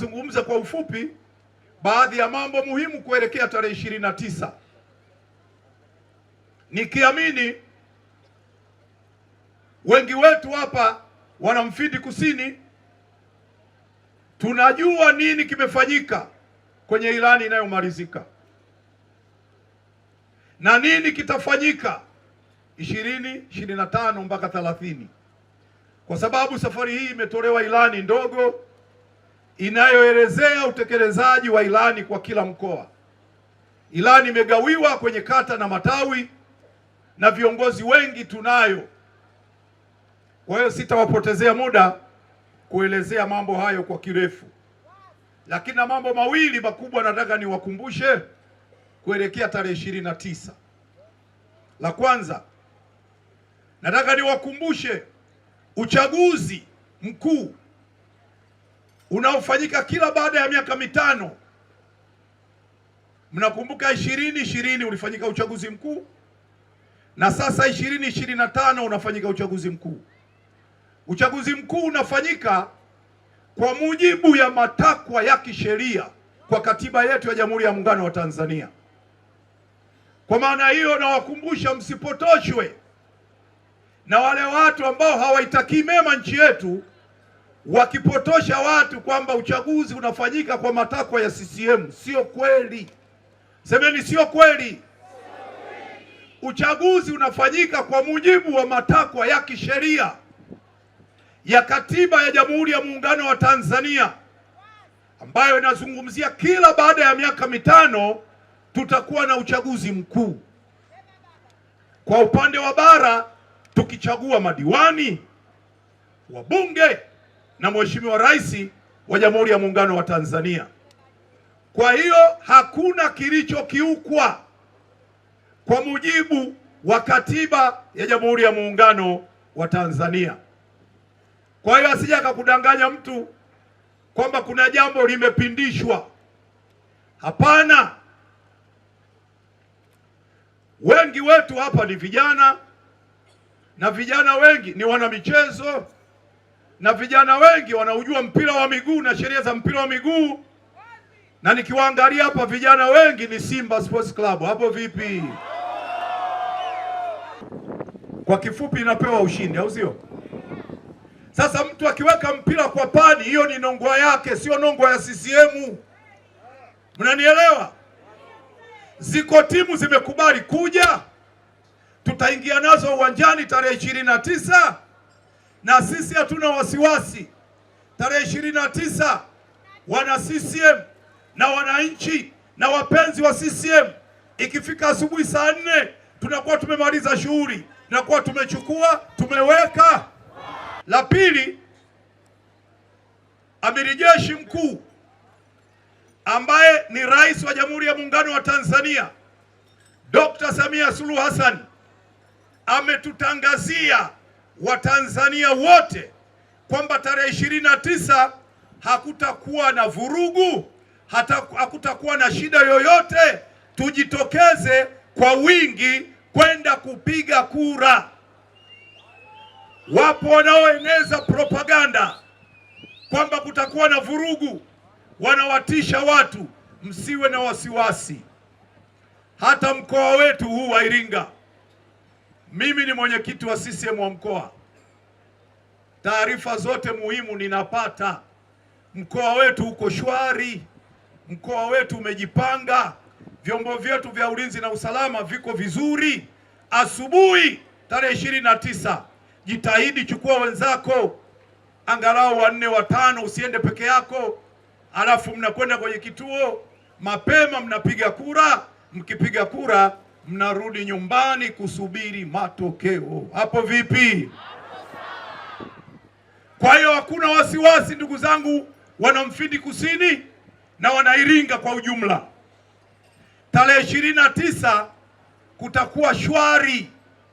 nitazungumza kwa ufupi baadhi ya mambo muhimu kuelekea tarehe ishirini na tisa nikiamini wengi wetu hapa wanamfidi kusini tunajua nini kimefanyika kwenye ilani inayomalizika na nini kitafanyika ishirini ishirini na tano mpaka thelathini kwa sababu safari hii imetolewa ilani ndogo inayoelezea utekelezaji wa ilani kwa kila mkoa. Ilani imegawiwa kwenye kata na matawi na viongozi wengi tunayo. Kwa hiyo sitawapotezea muda kuelezea mambo hayo kwa kirefu, lakini na mambo mawili makubwa nataka niwakumbushe kuelekea tarehe ishirini na tisa. La kwanza, nataka niwakumbushe uchaguzi mkuu unaofanyika kila baada ya miaka mitano. Mnakumbuka ishirini ishirini ulifanyika uchaguzi mkuu na sasa ishirini ishirini na tano unafanyika uchaguzi mkuu. Uchaguzi mkuu unafanyika kwa mujibu ya matakwa ya kisheria kwa katiba yetu ya Jamhuri ya Muungano wa Tanzania. Kwa maana hiyo, nawakumbusha msipotoshwe na wale watu ambao hawaitakii mema nchi yetu wakipotosha watu kwamba uchaguzi unafanyika kwa matakwa ya CCM. Sio kweli, semeni sio kweli. Uchaguzi unafanyika kwa mujibu wa matakwa ya kisheria ya katiba ya Jamhuri ya Muungano wa Tanzania ambayo inazungumzia kila baada ya miaka mitano tutakuwa na uchaguzi mkuu. Kwa upande wa bara tukichagua madiwani, wabunge na Mheshimiwa Rais wa Jamhuri ya Muungano wa Tanzania. Kwa hiyo hakuna kilichokiukwa kwa mujibu wa katiba ya Jamhuri ya Muungano wa Tanzania. Kwa hiyo asija akakudanganya mtu kwamba kuna jambo limepindishwa. Hapana, wengi wetu hapa ni vijana na vijana wengi ni wanamichezo na vijana wengi wanaujua mpira wa miguu na sheria za mpira wa miguu, na nikiwaangalia hapa vijana wengi ni Simba Sports Club. Hapo vipi? Kwa kifupi, inapewa ushindi, au sio? Sasa mtu akiweka mpira kwa pani, hiyo ni nongwa yake, sio nongwa ya CCM. Mnanielewa? Ziko timu zimekubali kuja, tutaingia nazo uwanjani tarehe ishirini na tisa na sisi hatuna wasiwasi. Tarehe ishirini na tisa wana CCM na wananchi na wapenzi wa CCM, ikifika asubuhi saa nne tunakuwa tumemaliza shughuli, tunakuwa tumechukua tumeweka. La pili, amiri jeshi mkuu ambaye ni rais wa Jamhuri ya Muungano wa Tanzania Dr. Samia Suluhu Hassan ametutangazia Watanzania wote kwamba tarehe ishirini na tisa hakutakuwa na vurugu hata, hakutakuwa na shida yoyote. Tujitokeze kwa wingi kwenda kupiga kura. Wapo wanaoeneza propaganda kwamba kutakuwa na vurugu, wanawatisha watu. Msiwe na wasiwasi. Hata mkoa wetu huu wa Iringa mimi ni mwenyekiti wa CCM wa mkoa, taarifa zote muhimu ninapata. Mkoa wetu uko shwari, mkoa wetu umejipanga, vyombo vyetu vya ulinzi na usalama viko vizuri. Asubuhi tarehe ishirini na tisa, jitahidi, chukua wenzako angalau wanne watano, usiende peke yako. Alafu mnakwenda kwenye kituo mapema, mnapiga kura. Mkipiga kura mnarudi nyumbani kusubiri matokeo. Hapo vipi? Kwa hiyo hakuna wasiwasi, ndugu zangu, wana Mfindi Kusini na wanairinga kwa ujumla, tarehe ishirini na tisa kutakuwa shwari.